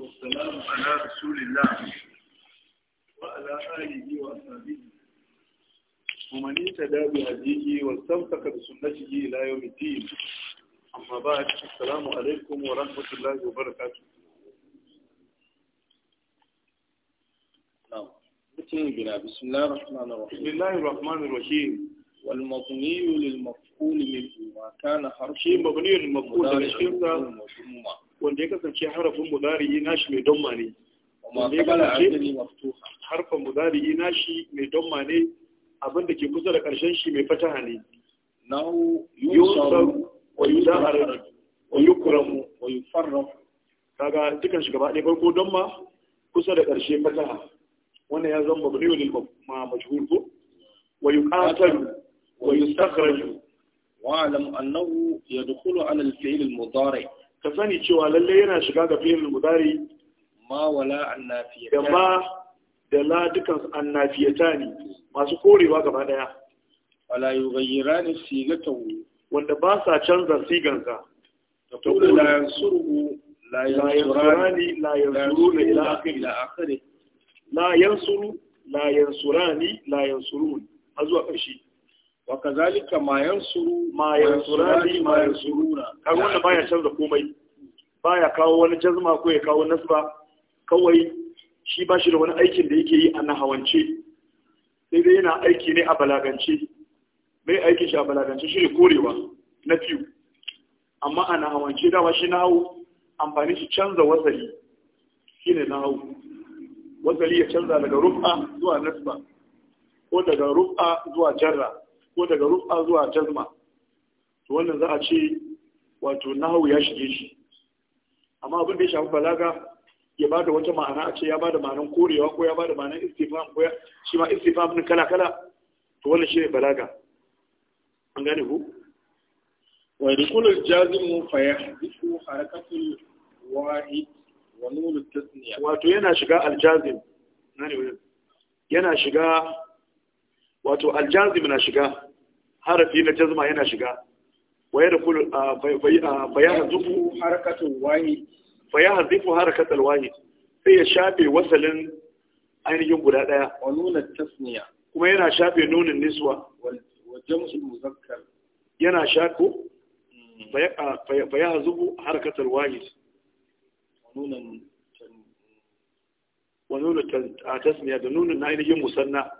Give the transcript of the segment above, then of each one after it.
والسلام على رسول الله وعلى آله وأصحابه ومن اهتدى بهديه واستمسك بسنته إلى يوم الدين أما بعد السلام عليكم ورحمة الله وبركاته نعم. بسم الله الرحمن الرحيم بسم الله الرحمن الرحيم والمبني للمفعول منه ما كان حرفا مبني للمفعول منه wanda ya kasance harafin mudari'i nashi mai donma ne wanda ya kasance harfin mudari'i nashi mai donma ne abinda ke kusa da ƙarshen shi mai fataha ne nahu yusar wa yudahar wa yukramu wa yufarraf kaga dukan shi gaba ɗaya farko ma kusa da ƙarshe fataha wanda ya zama mabni lil majhul ko wa yuqatalu wa yustakhraju wa alam annahu yadkhulu ala al-fi'l al-mudari' ka sani cewa lalle yana shiga ga fi'il mudari ma wala annafiya da ma da la dukan annafiyata ne masu korewa gaba daya wala yi yughayyirani sigatahu wanda ba sa canza sigansa to la yansuru la yansurani la ne ila akari la yansuru la yansurani la yansurun a zuwa ƙarshe wa kazalika ma yansuru ma yansurani ma yansuruna wannan baya canza komai baya kawo wani jazma ko ya kawo nasba kawai shi ba shi da wani aikin da yake yi a nahawance sai dai yana aiki ne a balagance mai aikin shi a balagance shi ne korewa na fiye amma a nahawance dama shi nahawu amfani shi canza wasali shi ne nahawu wasali ya canza daga rufa zuwa nasba ko daga rufa zuwa jarra ko daga rufa zuwa jazma to wannan za a ce wato nahu ya shige shi amma abin da ya shafi balaga ya ba da wata ma'ana a ce ya ba da ma'anan korewa ko ya ba da ma'anan istifam ko shi ma istifam din kala kala to wannan shi ne balaga an gane ku wa dukulul jazimu fa hadithu harakatul wahid wa nurut tasniya wato yana shiga aljazim nani wannan yana shiga wato aljazim na shiga harafi na jazma yana shiga waye da dukul bayan zufu harakatul wahid bayan zufu harakatul wahid sai ya shafe wasalin ainihin guda daya wa nuna tasniya kuma yana shafe nunin niswa wa jam'ul muzakkar yana shako mm. bayan zufu harakatul wahid wa nuna tasniya da nunin ainihin musanna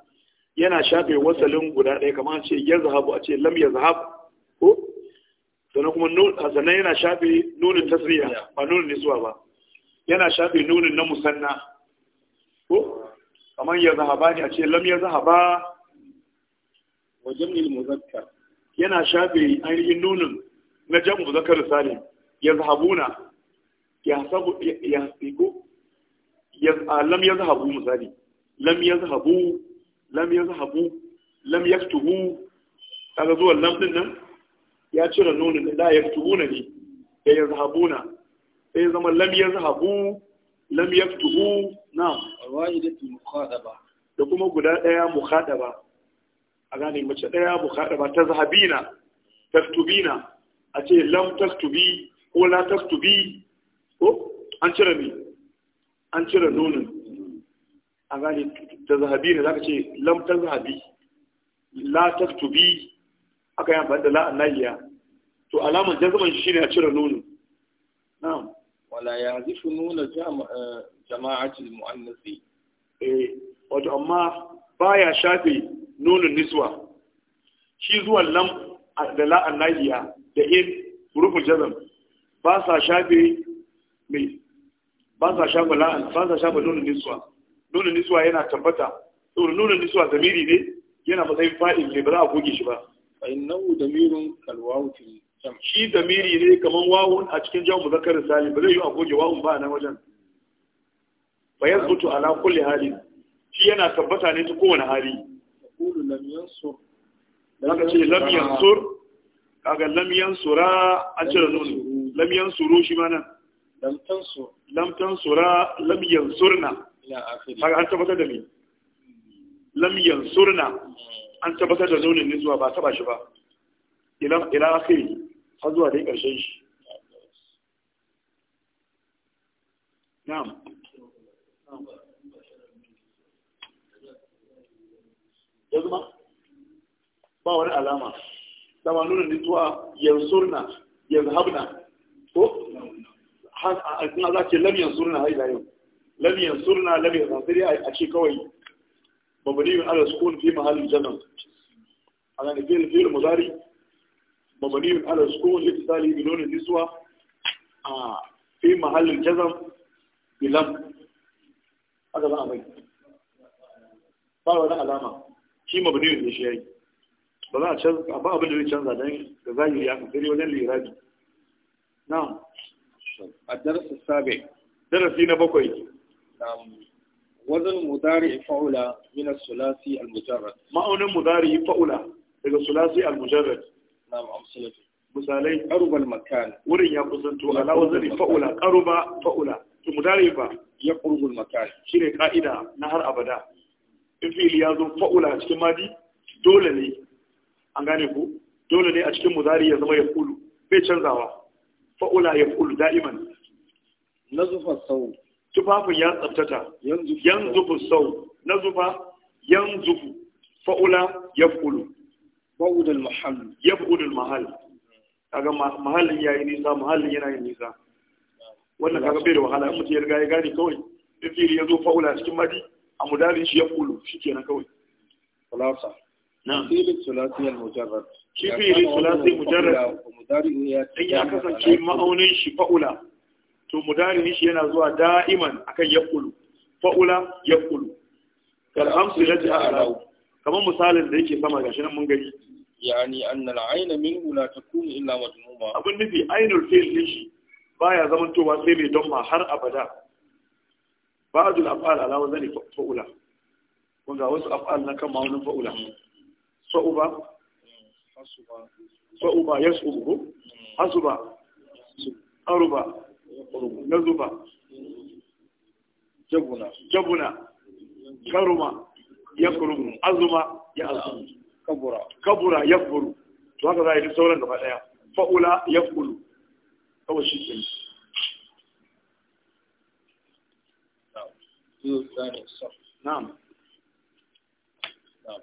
yana shafe wasalin guda ɗaya kamar ce ya zahabu a ce lam ya zahabu ko sannan kuma sannan yana shafe nunin tasriya ba nunin zuwa ba yana shafe nunin na musanna ko kamar ya zahaba ne a ce lam ya zahaba Wajen jam'il muzakkar yana shafe ainihin nunin na jan muzakkar salim ya zahabuna ya sabu ya ya lam ya zahabu misali lam ya zahabu lam yazhabu lam yaktubu kaga zuwan lam din nan ya cire nunin da yaktubuna ne da yazhabuna sai zama lam yazhabu lam yaktubu na'am alwaidatu muqadaba da kuma guda daya muqadaba a gane mace daya muqadaba ta zahabina taktubina a ce lam taktubi ko la taktubi ko an cire ne an cire nunin a gane ta zahabi ne za ka ce lam ta zahabi la ta tubi aka yi amfani da la'an nahiya to alamar jazuman shi ne a cire nuna na'am wala ya zifu nuna eh, jama'atul mu'annasi eh wato amma baya shafe nuna niswa shi zuwan lam da la'an nahiya da in rufin jazam ba sa shafe mai ba sa shafe la'an ba sa shafe nuna niswa nuna nisuwa yana tabbata saboda nuna nisuwa zamiri ne yana matsayin fa'il ne ba za a goge shi ba fa innahu damirun kalwawu shi zamiri ne kaman wawun a cikin jamu muzakkar salim ba zai yi a goge wawun ba a nan wajen fa yazbutu ala kulli hali shi yana tabbata ne ta kowane hali yaqulu lam yansur zaka ce lam yansur kaga lam yansura an cire nunu lam yansuru shi ma nan lam tansura lam yansura har an tabbatar da ni, lam yansurna an tabbatar da nunin ne zuwa ba taba shi ba ila ila akhiri har zuwa dai karshen shi na'am yanzu ma ba wani alama dama nuna nituwa yansurna yanzu habna ko a a za ce lam yansurna haila yau labiyan surna labiyan yansiri a ce kawai mabniyun ala sukun fi mahallin jamal fiye da da mazari, mudari mabniyun ala sukun litisali bi nuna nisuwa a fi mahallin jazam bi Aka za a mai ba wani alama shi mabniyun ne shi yayi ba za a canza ba abin da zai canza dan da zahiri ya kasiri wajen lirabi na'am sabe darasi na bakwai. wazan mudari fa'ula min ma'aunin mudari fa'ula daga sulasi al-mujarrad misalai qaruba al-makan wurin ya kusanto ala wazan fa'ula qaruba fa'ula to ba ya qurbu al-makan shine ka'ida na har abada in fi'il ya zo fa'ula cikin madi dole ne an gane ku dole ne a cikin mudari ya zama ya fulu bai canzawa fa'ula ya fulu da'iman nazufa sawu tufafin ya tsabtata yan zufu sau na zufa yan zufu fa'ula ya fulu ba'udul mahallu ya fulul mahal kaga mahallin ya yi nisa mahallin yana yin nisa wannan kaga bai da wahala ya mutu ya riga ya gane kawai in fili ya zo fa'ula cikin madi a mudalin shi ya fulu shi kenan kawai kulasa na filin sulasiyar mujarrad mujarrar filin ya kasance ma'aunin shi fa'ula to mudari shi yana zuwa da'iman akan yaqulu fa'ula yaqulu kal amsilati Alahu. kamar misalin da yake sama gashi nan mun gani yani annal ayna minhu la takunu illa madmuma abun nufi ainul fi'l din shi baya zamantowa sai mai ma har abada ba'dul af'al ala wazani fa'ula kun ga wasu af'al na kan ma'anun fa'ula hmm. Fa'uba, hmm. fa'uba yas'ubu hmm. hasuba aruba na zuba jabuna jabuna karuma ya kurumu azuma ya azu kabura kabura ya furu to haka za a yi sauran gaba daya fa'ula ya furu kawai shi ke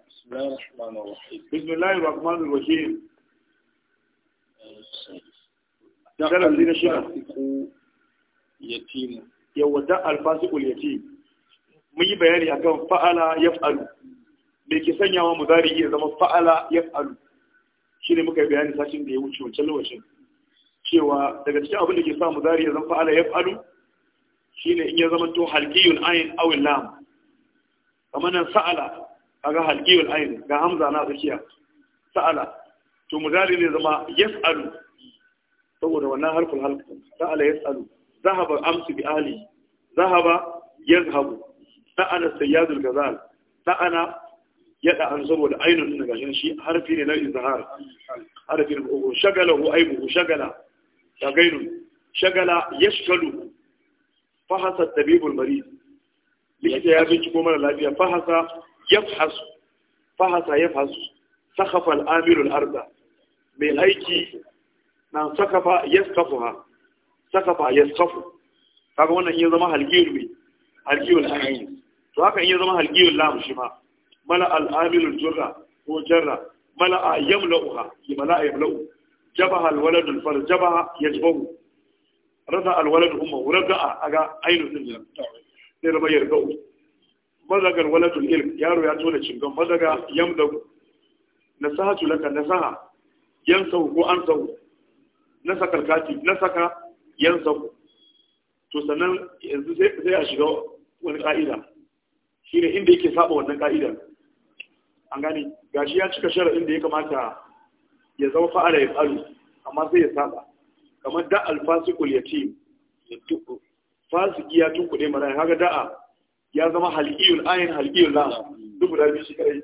بسم الله الرحمن الرحيم بسم الله الرحمن الرحيم yatimu yawa da alfasiqul yatim mun yi bayani akan fa'ala yaf'alu me ke sanyawa mudari ya zama fa'ala yaf'alu shine muka yi bayani sashin da ya wuce wancan lokacin cewa daga cikin abin da ke sa mu mudari ya zama fa'ala yaf'alu shine in ya zama to halqiyul ayn aw lam kamar nan sa'ala kaga halqiyul ayn ga hamza na tsakiya sa'ala to mu mudari ne zama yaf'alu saboda wannan harfin halqa sa'ala yaf'alu zahaba amsu bi ali zahaba yazhabu da'ana sayyadul gazal da'ana yada an saboda ainun gashin shi harfi ne na izhar harfi ne shagala shagala ya gainu shagala yashgalu fahasa tabibul likita ya binciko mara lafiya fahasa yafhasu fahasa yafhasu sakhafa al mai aiki na sakafa yaskafuha sakafa yaskafu kaga wannan iya zama halqiyul mai halqiyul ayn to haka iya zama halqiyul lam shi ma mala al amilul jurra ko jarra mala yamla'uha mala yamla'u jabaha al walad al far jabaha yajbahu rada al walad umma rada aga ainu din sai raba yargau mazagar waladul ilm yaro ya tona cingan mazaga yamla'u. nasahatu laka nasaha yansau ko ansau nasaka alkati nasaka yan sabu to sannan yanzu zai a shiga wani ka'ida shi ne inda yake saba wannan ka'idan an gane gashi ya cika shara inda ya kamata ya zama fa'ala ya faru amma sai ya saba kamar da alfasikul yatim ya tuku fasiki ya tunkuɗe mara haka da'a ya zama halqiyul ayin halqiyul lam duk guda biyu shi kai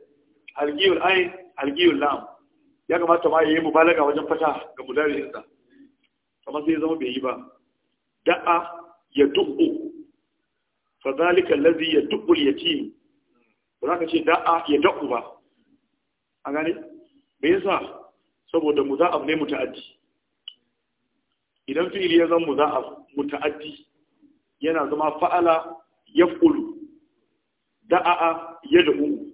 halqiyul ayin halqiyul lam ya kamata ma yayi mubalaga wajen fata ga mudawirinsa amma sai zama bai yi ba da'a ya dubu fa zalika allazi ya dubu yatim ba za ka ce da'a ya dubu ba a gane me yasa saboda muza'af ne muta'addi idan fi'ili ya zama muza'af muta'addi yana zama fa'ala yaqulu da'a ya dubu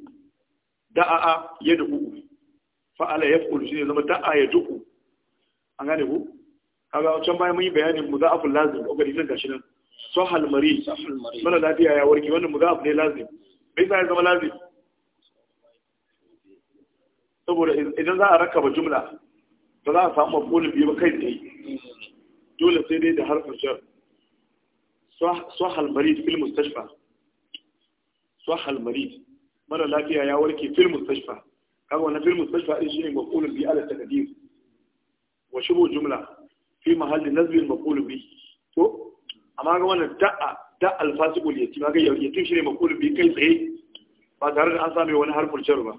da'a ya dubu fa'ala shi ne zama da'a ya dubu an gane ku kaga wancan bayan mun yi bayanin mu za a mudaful lazim ko gari nan gashi nan sahal halmari mana lafiya ya warke wannan mu za a ne lazim bai ya zama lazim saboda idan za a ba jumla ba za a samu mafulin biyu kai tsaye dole sai dai da harfin shar sahal halmari fil mustashfa sahal halmari mana lafiya ya warke fil mustashfa kaga wannan fil mustashfa din shine mafulin biyu ala takadir wa shubu jumla fi mahallin nazbin maqulu bi to amma ga wannan da'a da alfasiqul yatim ga yatim shine maqulu bi kai tsaye ba tare da an samu wani harfin jar ba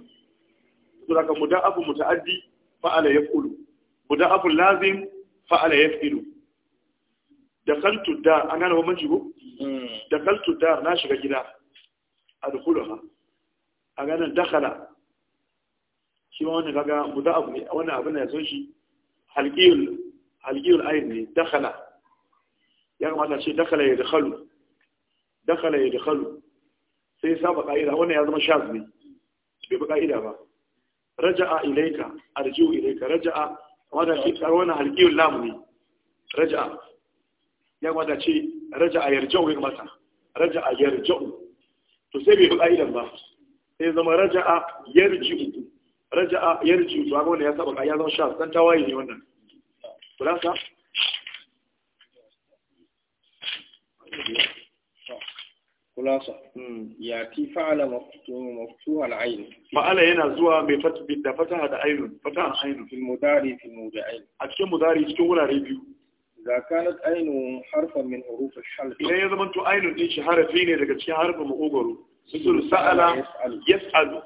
to daga muda'afu muta'addi fa'ala yaqulu muda'afu lazim fa'ala yaf'ilu dakaltu da an gane bambanci ko dakaltu dar na shiga gida adkhuluha a ganin dakala shi ma wani kaga muda'af ne wannan abin da ya shi halqiyul algiyul ayin ne dakhala ya kamata ce dakhala ya dakhalu dakhala ya dakhalu sai saba ka'ida wannan ya zama shaz ne bai bi ka'ida ba raja'a ilaika arji'u ilaika raja'a kamata ce tsar wannan algiyul lam ne raja'a ya kamata ce raja'a yarja'u ya kamata raja'a yarja'u to sai bai bi ka'idan ba sai zama raja'a yarji'u raja'a yarji'u to ga wannan ya saba ka'ida ya zama shaz dan tawaye ne wannan kulasa kulasa hmm. ya ti fa'ala maftuha al-ayn fa'ala yana zuwa mai fatbi da fata da aynun fataha aynun fil mudari fil mudari a cikin mudari cikin wurare biyu za kanat aynun harfan min huruf al-hal Ina ya zama to aynun din shi harafi ne daga cikin harfin makogoro sun sa'ala yas'alu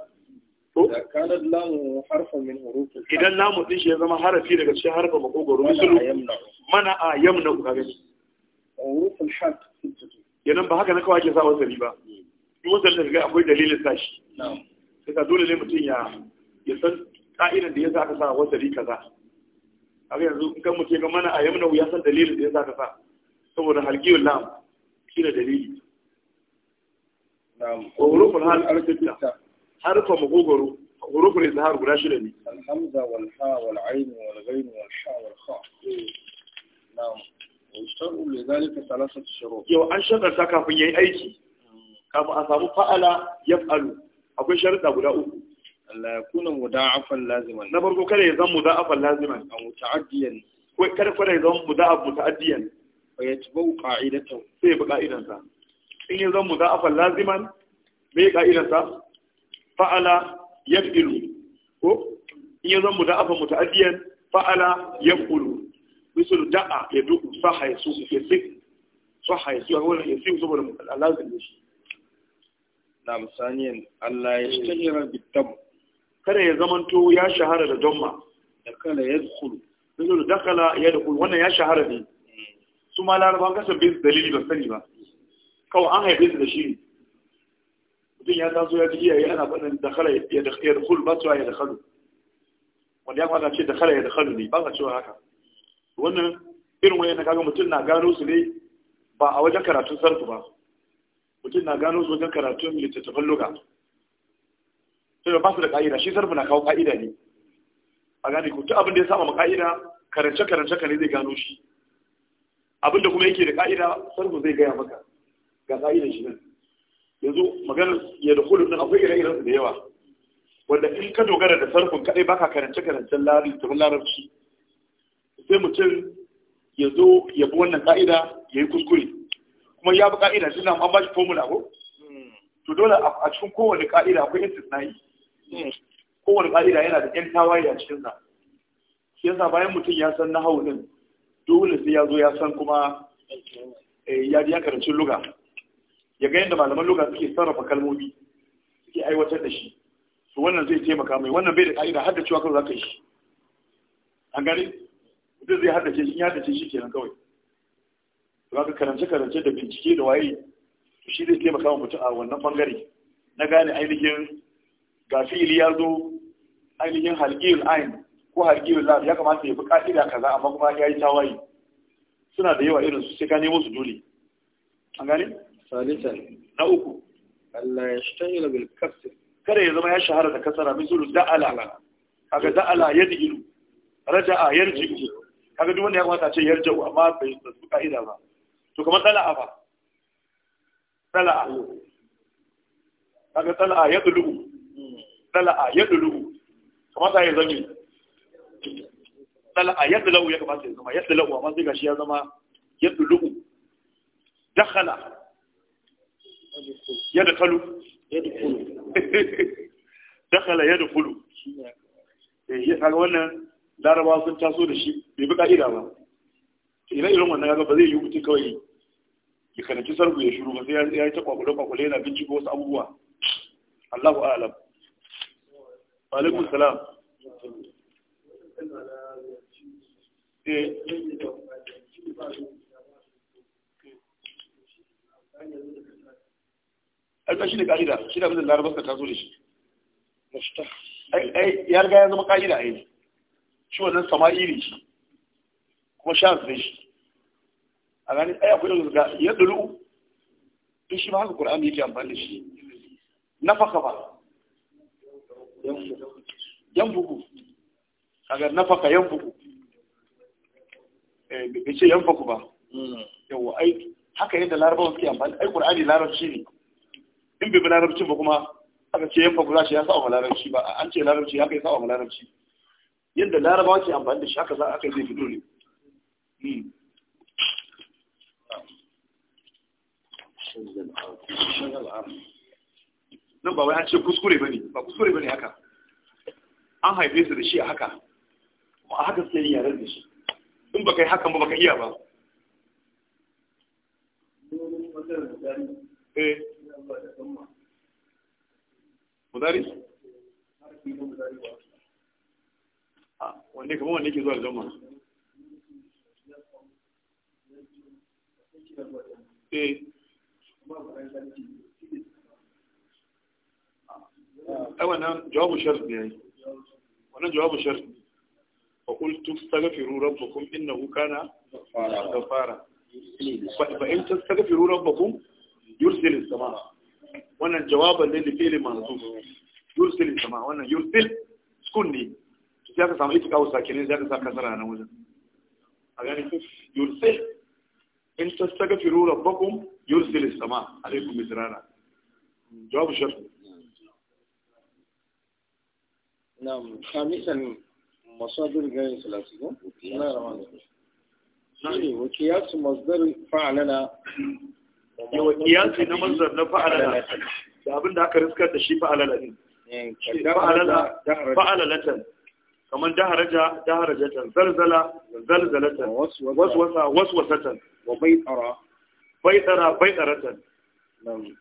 idan lamu din shi ya zama harafi daga cikin harfa makogoro musulun mana a yamna ku kaga shi yanan ba haka na kawai ke sa wasari ba yi hmm. wasu da shiga akwai dalilin sa shi sai ka dole ne mutum ya ya san ka'idan da ya sa aka sa wasari kaza haka yanzu in kan mutum ga mana a yamna ya san dalilin da ya sa aka sa saboda halgiyar lamu shi da dalili na hurufin hal arfitta harfa magogoro hurufun izhar guda shida ne alhamza wal ha wal ain wal ghain wal sha wal kha na'am yushtaru li zalika thalathatu shurut yau an shakarta kafin yayi aiki kafin a samu fa'ala yaf'alu akwai sharuɗa guda uku Allah ya kuna muda'afan laziman na farko kada ya zama muda'afan laziman a muta'addiyan ko kada kada ya zama muda'af in ya laziman me fa'ala yaf'ilu ko in yi zan muda'afa muta'addiyan fa'ala yaf'ulu misal da'a ya du'u saha ya suku ya sik saha ya suku wannan ya sik saboda alazin da shi na musaniyan Allah ya shahara bitam kada ya zamanto ya shahara da damma da kala yadkhulu misal dakala ƙulu, wannan ya shahara ne hmm. su ma larabawan kasar bai dalili ba sani ba kawai an haife su da shi Idan ya taso ya ji iyaye ana faɗin da kala ya da kul ba su ya da kalu wanda ya kwata ce da kala ya da kalu ne ba ka cewa haka wannan irin wani na kaga mutum na gano su ne ba a wajen karatun sarfu ba mutum na gano su wajen karatun littattafan luga sai ba su da ka'ida shi sarfu na kawo ka'ida ne a gane ku ta abin da ya sama ka'ida karance karance ka ne zai gano shi abin da kuma yake da ka'ida sarfu zai gaya maka ga ka'idan shi nan yanzu maganar ya da kulun nan akwai ire-irensu da yawa wanda in ka dogara da sarfin kaɗai baka karance-karancen larabci sai mutum ya zo ya bi wannan ka'ida ya yi kuskure kuma ya bi ka'ida shi nan an ba shi formula ko to dole a cikin kowane ka'ida akwai yi kowane ka'ida yana da yan tawaye a cikin sa shi yasa bayan mutum ya san nahawu din dole sai ya zo ya san kuma eh, ya ya karanci lugha ya ga yadda malaman lugha suke sarrafa kalmomi suke aiwatar da shi su wannan zai taimaka mai wannan bai da ka'ida har da cewa kawai za ka yi shi an gani mutum zai haddace shi ya haddace shi kenan kawai za ka karance karance da bincike da waye shi zai taimaka wa mutum a wannan bangare na gane ainihin ga ya zo ainihin halqil ain ko halqil zaf ya kamata ya fi ka'ida kaza amma kuma ya yi tawaye suna da yawa irin su sai ka nemo su dole an gani salisan na uku Allah ya shtahila bil kasr kada ya zama ya shahara da kasara misalu da'ala kaga da'ala yad'ilu raja'a yarji'u kaga duk wanda ya kwata ce yarji'u amma bai su ka'ida ba to kamar dala'a ba dala'a kaga dala'a yadlu dala'a yadlu kamar ta ya zami dala'a yadlu ya kamata ya zama yadlu amma sai gashi ya zama yadlu dakhala yadda kalu dakala yadda kulu eh, ya kaga wannan larabawa sun taso da shi bai bi ka'ida ba ina irin wannan kaga ba zai yi mutum kawai ya karanci sarku ya shiru ba sai ya yi ta kwakwale kwakwale yana binciko wasu abubuwa Allahu a'lam wa alaikum salam eh alƙa shi ne ka'ida shi da abin da ta zo da shi ya riga ya zama ka'ida a yi shi wannan sama'iri shi kuma sha zai shi a gani ai akwai yanzu ga ya dulu duk shi ma haka ƙur'an yake amfani da shi na faka ba yan bugu kaga na faka yan bugu eh, bai ce yan faku ba hmm. yawa ai haka yadda larabawa suke amfani ai ƙur'ani larabci ne in bai bi larabcin ba kuma aka ce yanfa kula shi ya sa'a larabci ba an ce larabci haka ya sa'a larabci yadda larabawa ke amfani da shi haka za a kai zai fito ne hmm. nan ba wai an ce kuskure ba ne ba kuskure ba ne haka an haife su da shi a haka kuma a haka sai yi yaren da shi in ba kai hakan ba ba ka iya ba eh mudari wanne kamar wanne ke zuwa zama eh ai wannan jawabu sharfi ne wannan jawabu sharfi فقلت استغفروا ربكم إنه كان غفارا فإن تستغفروا ربكم يرسل السماء wannan jawaban ne lifili manzu yursil sama wannan yursil sukun ne sai aka samu ita kawo sakire sai aka sa kasara nan wajen a gani yursil in tastaghfiru rabbakum yursil sama alaikum misrana jawabu shart نعم خامسا مصادر غير ثلاثة بسم الله الرحمن الرحيم وقياس مصدر فعلنا yi kiyasi na manzan na fa'alala da abin da aka riskar da shi fa'alala ne eh, fa'alalatan kamar daharaja daharajatan zalzala zalzalatan wasu wasatan wa tsara bai baitaratan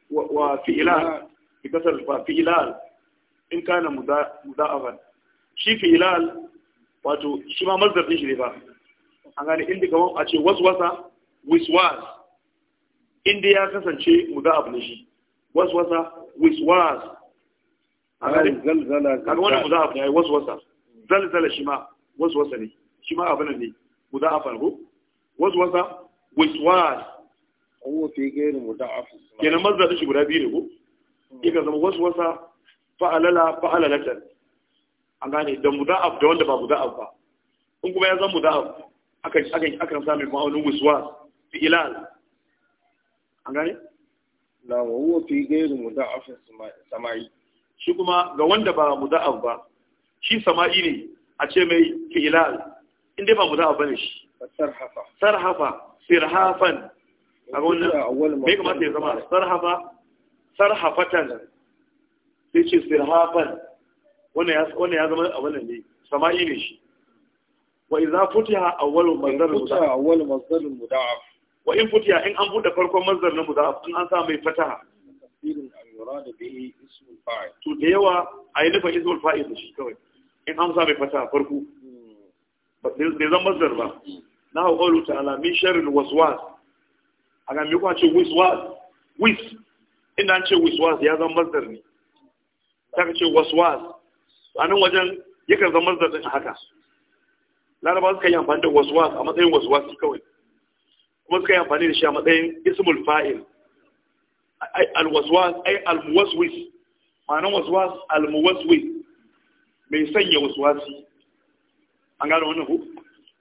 wa fi'ilal bi kasar fa fi'ilal in kana muda'afan shi fi'ilal wato shi ma mazdar din shi ne ba an gani inda kamar a ce wasu wasa wiswas inda ya kasance muda abu ne shi waswasa wiswas a garin zalzala kaga wannan muda abu ne waswasa zalzala shi ma waswasa ne shi ma abu ne muda afan ko waswasa wiswas huwa fi ghairi muda'af kenan mazda shi guda biyu ne ko ika hmm. zama waswasa fa'alala fa'alalatan an gane da muda'af da wanda ba muda'af ba in kuma ya zama muda'af akan akan akan samu ma'aunin wiswas fi ilal an gane la wa huwa fi ghayri muda'afin sama'i shi kuma ga wanda ba muda'af ba shi sama'i ne a ce mai fi'ilal in ba muda'af ne shi sarhafa sarhafa sirhafan a wannan me kamata ya zama sarhafa sarhafatan sai ce sirhafan wannan ya zama a wannan ne sama'i ne shi wa idza futiha awwalu mazdarul muda'af wa in futiya in an buɗe farkon mazdar na mudaf in an sa mai fataha to da yawa a yi nufin ismul fa'id da shi kawai in an sa mai fataha farko bai zan mazdar ba na hau ƙauru ta'ala min sharin waswas a ga mai kwace ce waswas wis inda an ce waswas ya zan mazdar ne ta ka ce waswas a nan wajen yakan zan mazdar ɗin haka laraba suka yi amfani da waswas a matsayin waswas kawai kuma suka amfani da shi a matsayin ismul fa'il ai alwaswas ai almuwaswis ma'anar waswas almuwaswis mai sanya waswasi an gano wannan ku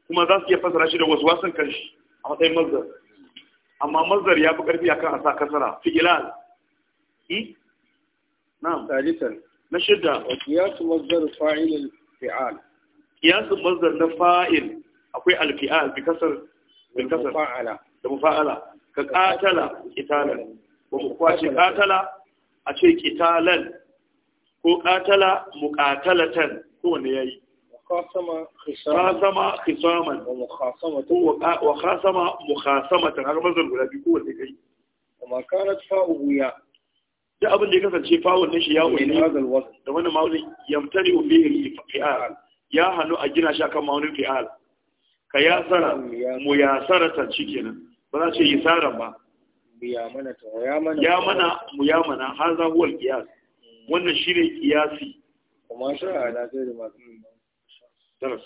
kuma za su iya fasara shi da waswasan kanshi a matsayin mazdar amma mazdar ya fi karfi akan a sa kasara fi'ilal hmm? na'am talitan na shidda wa qiyasu mazdar fa'il fi'al qiyasu mazdar na fa'il akwai alfi'al bi kasar bil kasar da mufa'ala ka qatala qitalan wa kwace qatala a ce qitalan ko qatala muqatalatan ko wanda yayi khasama khisama khisaman wa mukhasama wa khasama mukhasamatan har mazan guda biyu ko wanda kai amma kanat fa'u ya duk abin da ya kasance fawon ne shi ya wani da wani ma'aunin yamtari ubi fi'al ya hannu a gina shi akan ma'aunin fi'al ka yasara mu yasara ta nan ba za ce yi tsara ba ya mana mu ya mana har za huwal kiyas wannan shi ne kiyasi kuma shi a sai da masu daras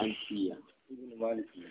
Alfiya, Ibn Malik ne.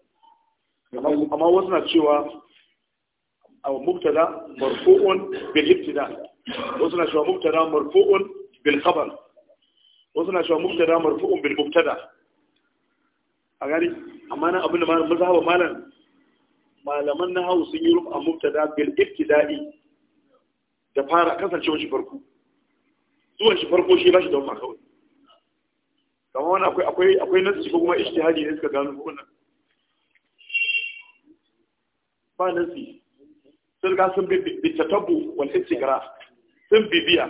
amma wasu na cewa a muktada marfu'un bil ibtida wasu na cewa muktada marfu'un bil khabar wasu na cewa muktada marfu'un bil mubtada a gari amma nan abin da malam mazhaba malam malaman na hausa sun yi rufa muktada bil ibtida'i da fara kasancewa shi farko zuwan shi farko shi bashi da wani kawai kamar wani akwai akwai akwai nasu ko kuma ishtihadi ne suka gano wannan ba sun ga sun bi tattabu wal istigra sun bibiya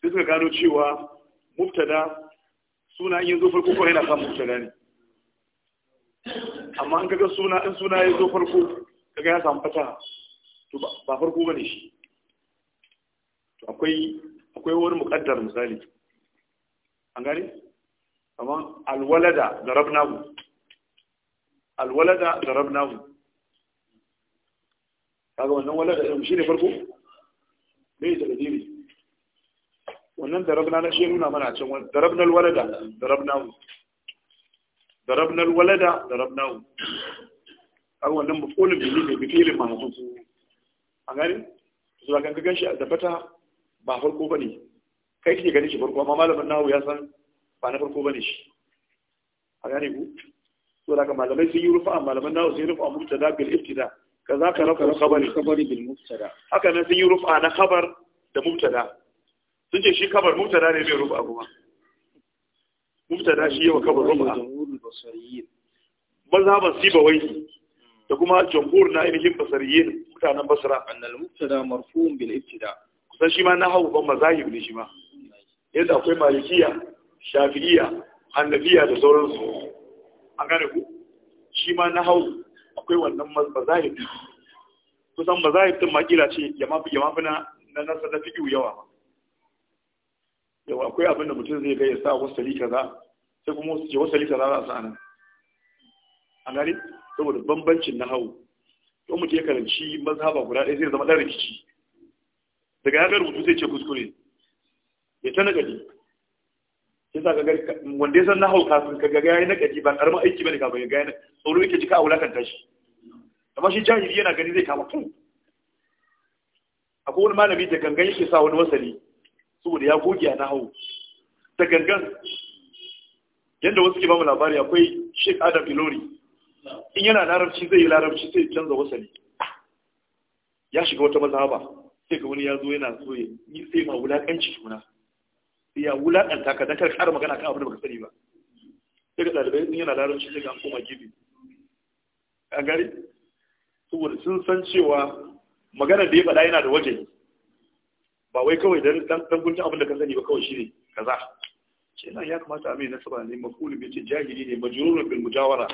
sai suka gano cewa mubtada suna yin zo farko ko yana kan mubtada ne amma an kaga suna in suna yin zo farko kaga ya samu fata to ba farko bane shi to akwai akwai wani muqaddar misali an gane amma alwalada darabnahu alwalada darabnahu kaga wannan wala da ɗin shine farko bai da dalili wannan darabna na shi nuna mana cin wani darabnal walada darabnahu darabnal walada darabnahu kaga wannan mafulin bihi ne bi fi'lin mahzuf a gani to zaka ga ganshi a dabata ba farko bane kai kike ganin shi farko amma malamin nahu ya san ba na farko bane shi a gane ku to daga malamai sun yi rufa malaman nahu sun yi rufa mubtada bil ibtida' ka za ka rafa khabari bil mubtada haka nan sun yi rufa na khabar da mubtada sun ce shi khabar mubtada ne bai rufa kuma mubtada shi yawa khabar rufa mazhaban sibawai da kuma jamhur na ainihin basariyin mutanen basra annal mubtada marfu'un bil ibtida kusan shi ma nahawu ban mazahib ne shi ma yadda akwai malikiya shafi'iya annabiya, da sauransu an gane ku shi ma nahawu akwai wannan mazahib kusan mazahib din makila ce ya mafi ya mafi na na nasa na fiƙiyu yawa ba yawa akwai abin da mutum zai ga ya sa wasali za? sai kuma wasu ce wasali za a sa nan a gani saboda bambancin na hau to mutum ya karanci mazhaba guda ɗaya zai zama ɗan rikici daga ya ga rubutu zai ce kuskure ya ta nagari ya sa ga wanda ya san na hau kafin ka ga ya yi nagari ba ƙaramin aiki ne kafin ya ga tsoro yake jika a wulakanta shi amma shi jahili yana gani zai kama tun akwai wani malami da gangan yake sa wani wasali saboda ya goge a nahawu da gangan yadda wasu ke bamu labari akwai sheik adam ilori in yana larabci zai yi larabci sai canza wasali ya shiga wata mazhaba sai ga wani ya zo yana so ya yi sai ma wulakanci suna sai ya wulakanta ka dan kar magana kan abin da baka sani ba sai ga ɗalibai in yana larabci sai ga koma gibi a gari saboda sun san cewa magana da ya faɗa yana da waje ba wai kawai dan dan guntun abin da ka sani ba kawai shi ne kaza ce nan ya kamata a mai nasaba ne makulu bai ce jahili ne majrurun bil mujawara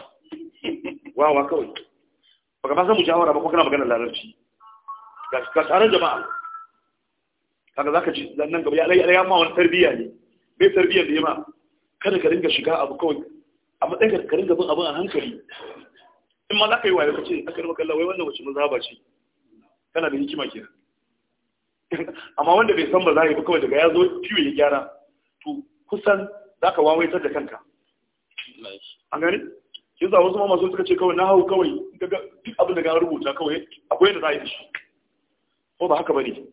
wawa kawai baka ba san mujawara ba ko kana magana larabci ga ka tsaron jama'a kaga zaka ji nan gaba ya ya ma wani tarbiyya ne bai tarbiyyar da ya ma kada ka ringa shiga abu kawai a matsayin ka ringa bin abin a hankali in ma za ka yi waye ce aka rubuta Allah wai wannan wace zaba ce kana da hikima ke amma wanda bai san ba za ba kawai daga ya zo fiye ya gyara to kusan za ka wawaitar da kanka an gani shi za wasu mamasu suka ce kawai na hau kawai duk abin da gano rubuta kawai akwai yadda za a yi shi ko ba haka ba ne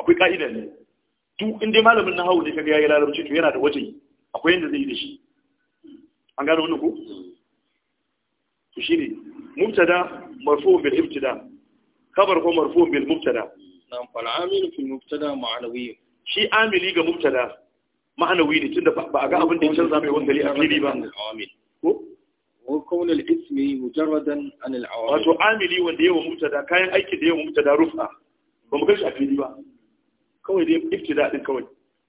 akwai ka'ida ne duk inda malamin na hau ne kaga ya yi larabci to yana da waje akwai yadda zai yi da shi an gano wani ko shine mubtada marfu'un bil ibtida khabar ko marfu'un bil mubtada nan fal amil fi mubtada ma'nawi shi amili ga mubtada ma'nawi ne tunda ba a ga abin da ya canza mai wanda a fili ba ko وكون الاسم مجردا عن العوامل wato amili wanda yawa mubtada kayan aiki da yawa mubtada rufa ba mu kai shi a fili ba kawai dai ibtida din kawai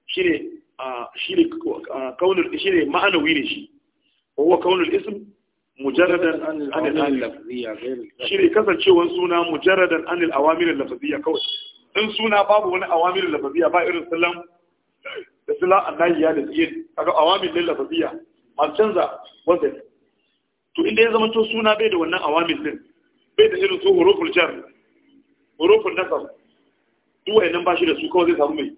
shine shine kaunar shine ne shi wa ism mujarradan anil awamir lafziya shi kasancewar suna mujarradan anil awamir lafziya kawai in suna babu wani awamir lafziya ba irin sallam da sila annahiya da tsiyin kaga awamir lil lafziya masu canza wanda to inda ya zama to suna bai da wannan awamir din bai da irin su huruful jar huruful nasab duk wayannan ba shi da su kawai zai samu mai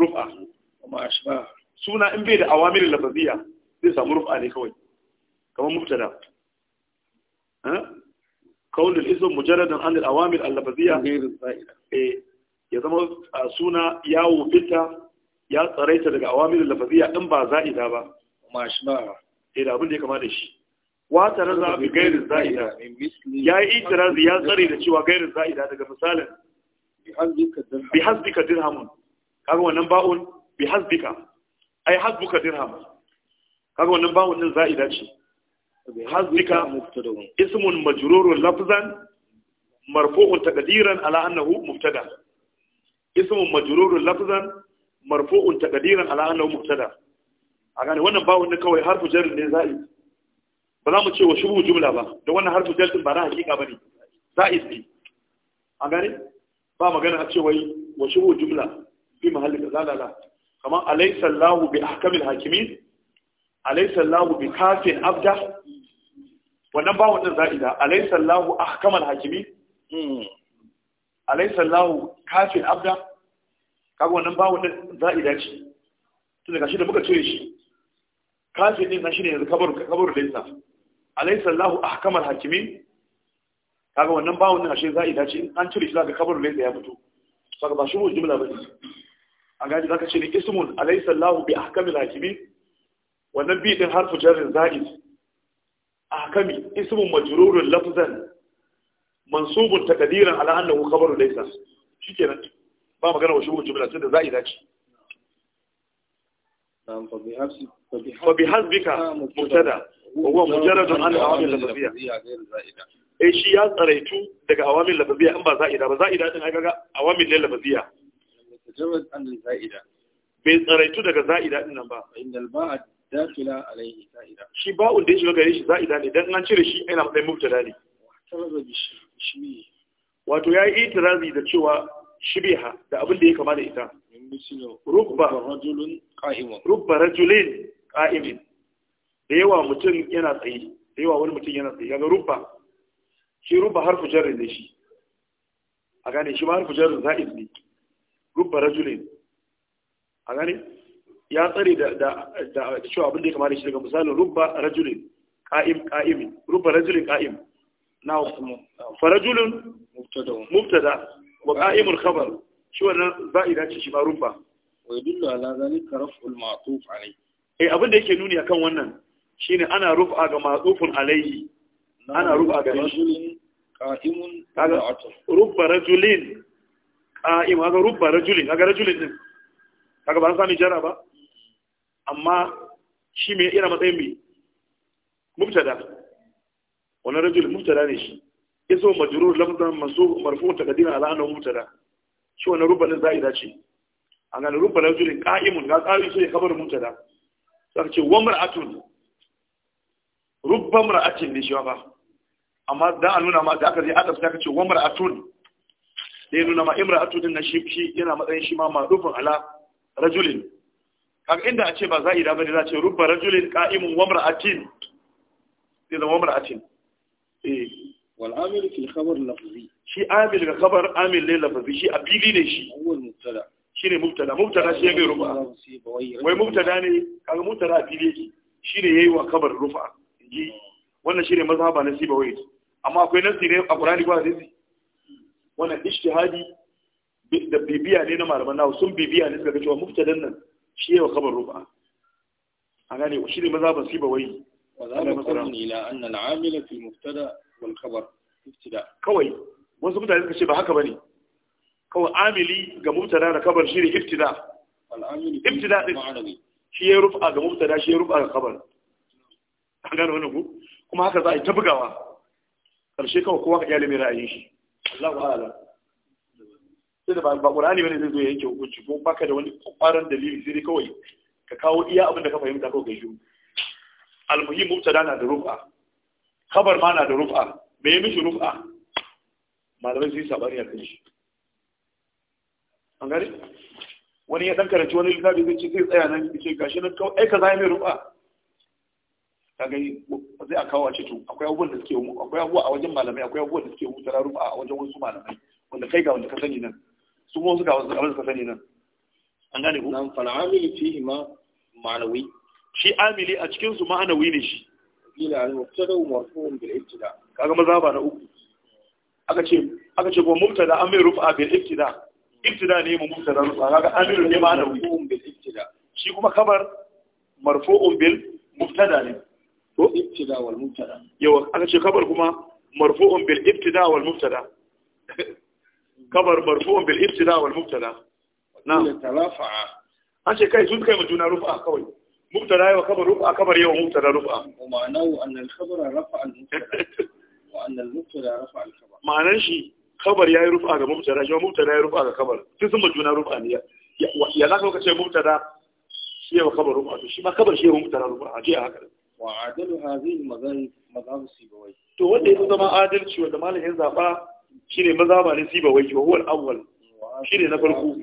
rufa suna in bai da awamir lafziya zai samu rufa ne kawai kamar mubtada eh? kawun ism mujarradan an al-awamil al-lafziyya eh ya zama suna ya fita ya tsaraita daga awamil al in ba za'ida ba mashma eh da abin da ya kama da shi wa taraza bi gairin za'ida ya yi itirazi ya tsare da cewa gairin za'ida daga misalin bi hasbika dirhamun kaga wannan ba'un bi hasbika ai hasbuka dirham kaga wannan ba'un din za'ida ce hazika مبتدا اسم lafzan لفظا مرفوع تقديرا على انه مبتدا اسم lafzan لفظا مرفوع تقديرا على انه a gane wannan ba wanda kawai harfu jar ne za'i ba za mu ce wa shubu jumla ba da wannan har jar din ba na hakika bane za'i ne a gane ba magana a ce wai wa shubu jumla fi mahallin la kamar alaysa allah bi ahkamil hakimin alaysa allah bi kafin abda wannan bawon din za'ida alaysa Allahu ahkamal hakimi hmm. alaysa Allahu kafil abda kaga wannan ba wannan za'ida ce tunda gashi da muka cire shi kafil na shi shine yanzu kabar kabaru laysa alaysa Allahu ahkamal hakimi kaga wannan ba wannan ashe za'ida ce an cire shi zaka kabar laysa ya fito saka ba shi mu jumla bane A gaji zaka ce ne ismun alaysa Allahu bi ahkamil hakimi wannan bi din harfu jarrin za'id ahkami ismun majrurun lafzan mansubun takdiran ala annahu khabaru laysa shikenan ba magana wa shubu jumla sai da za'i dace fa bi hasbika mubtada wa huwa mujarradun an awamil lafziyya eh shi ya tsaraitu daga awamil lafziyya in ba za'ida ba za'ida din kaga awamil lafziyya bai tsaraitu daga za'ida din nan ba dakila alaihi sa'ida shi ba'un da ya shiga gare shi sa'ida ne dan an cire shi yana matsayin mubtada ne wato ya yi itirazi da cewa shibiha da abin da ya kama da ita rubba rajulin qa'imin da yawa mutum yana tsaye da yawa wani mutum yana tsaye kaga rubba shi rubba harfu jarri ne shi a gane shi ma harfu jarri za'id ne rubba rajulin a gane ya tsare da da da cewa abin da ya kamar shi daga misalin rubba rajulin qa'im qa'imi rubba rajulin qa'im na fa rajulun mubtada wa qa'imul khabar shi wannan za'ida ce shi ba rubba wa yadullu ala zalika raf'ul ma'tuf alayhi eh abin da yake nuni akan wannan shine ana rufa ga ma'tufun alayhi ana rufa ga rajulin qa'imun rubba rajulin qa'im kaga rubba rajulin kaga rajulin din kaga ba san jara ba amma shi mai ira matsayin mai mubtada wani rajul mubtada ne shi iso majrur lamzan masu marfu taqdim ala annahu mubtada shi wani rubalin za'ida ce an ga rubalin rajulin qa'imun ga qari shi kabar mubtada sai ce wa mar'atun rubba mar'atin ne shi ba amma da an nuna ma da aka je aka ka ce wa mar'atun da ya nuna ma imra'atu din na shi yana matsayin shi ma ma ma'rufun ala rajulin kaga inda a ce ba za'ida bane za ce rubba rajulin qa'imun wa mar'atin sai zama mar'atin eh wal amil fil khabar lafzi shi amil ga khabar amil ne lafzi shi a fili ne shi Shi mubtada Muftada. mubtada mubtada shi yake rufa wai mubtada ne kaga mubtada a fili ne ya yayi wa khabar rufa inji wannan ne mazhaba na sibawai amma akwai nan sire a Qur'ani ba zai nasi wannan ishtihadi da bibiya ne na malaman nawa sun bibiya ne suka ga cewa Muftadan nan shi yau kabar rufa a gane shi ne maza ba su ba wai kawai wasu mutane suka ce ba haka ne. kawai amili ga mubtada da kabar shi ne iftida ibtida din shi ya rufa ga mutane shi ya rufa ga kabar an gane ku kuma haka za a yi ta bugawa karshe kawai kowa ka iyalin mai ra'ayin shi Allahu sai da ba qur'ani bane zai zo ya yanke hukunci ko baka da wani kwaran dalili sai dai kawai ka kawo iya abin da ka fahimta kawai gaishe almuhim mubtada na da rufa khabar ma na da rufa me ya mishi rufa malamai sai sabani akan shi an gari wani ya dan karanci wani littafi zai ce zai tsaya nan ce gashi nan kawai ai kaza ya mai rufa kaga zai a kawo a ce to akwai abubuwan da suke akwai abubuwa a wajen malamai akwai abubuwan da suke mutara rufa a wajen wasu malamai wanda kai ga wanda ka sani nan su kuma suka wasu abin suka sani nan an gane ku nan fal amili fihi ma ma'anawi shi amili a cikin su ma'anawi ne shi bila al mubtada marfu'un bil ibtida kaga ba na uku aka ce aka ce ko mubtada amil rufa bil ibtida ibtida ne mu mubtada rufa kaga amil ne ma'anawi bil ibtida shi kuma kabar marfu'un bil mubtada ne ko ibtida wal mubtada yawa aka ce kabar kuma marfu'un bil ibtida wal mubtada khabar marfu'un bil ibtida wal mubtada na'am talafa'a an ce kai sun kai mu juna a kawai mubtada yawa khabar rufa khabar yawa mubtada rufa ma'anahu anna al khabar rafa al mubtada wa anna al mubtada rafa al khabar ma'anan shi khabar yayi rufa ga mubtada shi mubtada yayi rufa ga kabar. sun sun juna rufa ne ya za ka ce mubtada shi yawa kabar rufa to shi ma kabar shi yawa mubtada rufa a je a haka wa adalu hadhihi al madhahib madhahib sibawai to wanda ya zama adalci wanda malamin zaba maza mazhaba ne ba wai wa huwa Shi ne na farko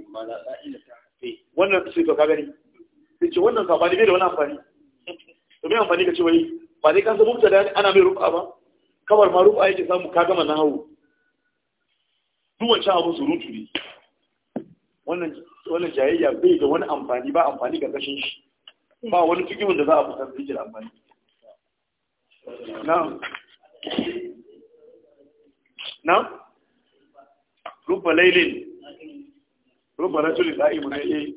wannan su to ka gani sai ce wannan sabani bai da wani amfani to mai amfani ka ce wai ba dai kan san da ana mai rufa ba Kawar ma rufa yake samu ka gama na hawo duk wancan su rutu ne wannan wannan jayayya bai da wani amfani ba amfani ga kashin shi ba wani cikin da za a fitar cikin amfani na na'am رب ليل رب رجل دائم ايه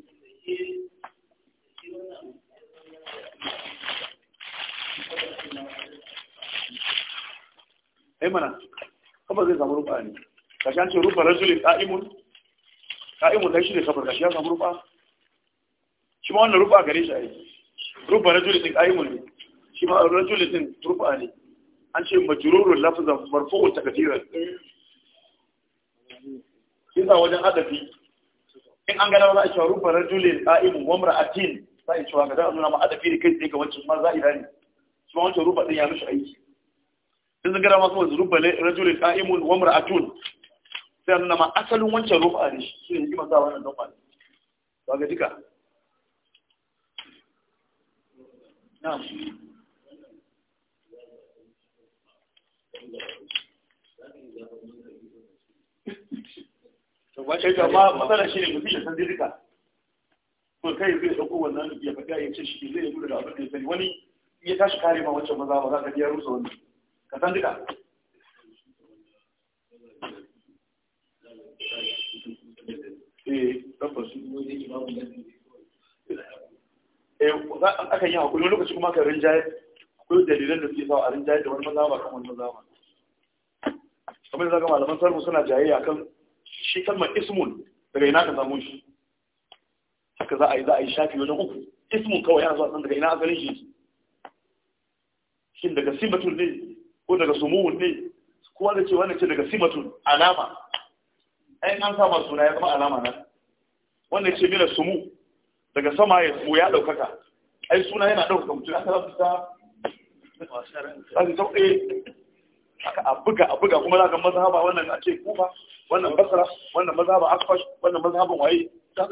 ايه منا خبر زي زمرو باني يعني. كشان شو رب رجل دائم قائم ليش لي خبر كشان زمرو با روبا ما نروب عقريش ايه رب رجل دائم شو ما رجل دائم رب عليه أنت مجرور اللفظ مرفوع تكثيرا yasa wajen adafi in an gana wani cewa rufa rajulin qa'imun wa mar'atin sai cewa ga dan nuna ma adafi ne kai tsaye ga wancan maza za'ira ne shi wancan rufa din ya mishi aiki in sun gana masu rufa rajulin qa'imun wa mar'atun sai nuna ma asalin wancan rufa ne shi ne hikimar sa wannan dan ba ga duka na'am wace gaba matsala shi ne mutum ya san zirka to kai zai dauko wannan ya faɗi ya ce shi zai gudu da abin da ya sani wani ya tashi kare ma wancan maza ba za ka biya rusa wani ka san duka eh tabbas eh aka yi hakuri lokaci kuma ka rinjaye akwai dalilan da suke sa a rinjaye da wani maza ba kan wani maza ba kamar da zaka malaman sarmu suna jayayya kan shi kalmar ismun daga ina ka samu shi haka za a yi za a yi shafi wajen uku ismun kawai yana zuwa san daga ina asalin shi shin daga simatun ne ko daga sumuwun ne kowa da ce wannan ce daga simatun alama ayin an sama suna ya zama alama nan wannan ce mina sumu daga sama ya sumu ya ɗaukaka ai suna yana ɗaukaka mutum aka za su ta za su eh, a buga a buga kuma za ka haɓa wannan a ce kufa wannan basara, wannan mazhabin arfash wannan mazhabin waye ta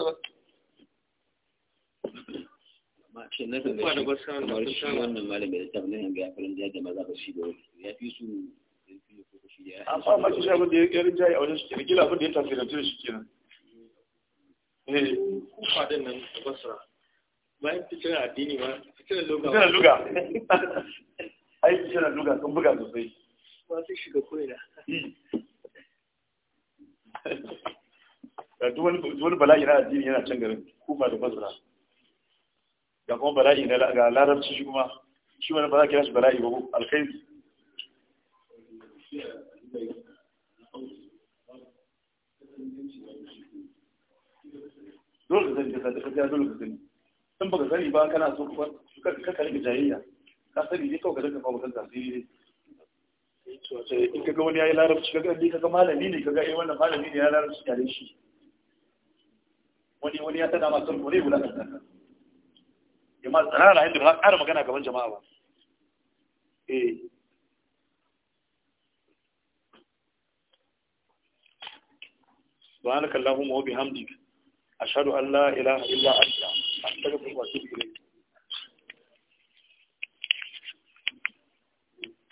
ma ce na ga shi wannan malamin da ga ya ya fi su da ya a wajen shi kenan da ya da eh. ma ya ga duk wani bala'i na addini yana can garin kuma da basra ga kuma bala'i ga larabci shi kuma shi wani ba za kira shi bala'i ba alkhairi dole ka sani zan je ka tafiya dole ka sani in baka sani ba kana so ka ka rike jahiliya ka sani ne kawai ka rike kawo kanka asiri ne in kaga wani ya yi larabci kaga kaga malami ne kaga eh wannan malami ne ya larabci shi wani wani ya tada kan ya ma yadda ba ƙara magana gaban jama'a ba eh سبحانك اللهم وبحمدك أشهد أن لا إله إلا أنت أستغفرك وأتوب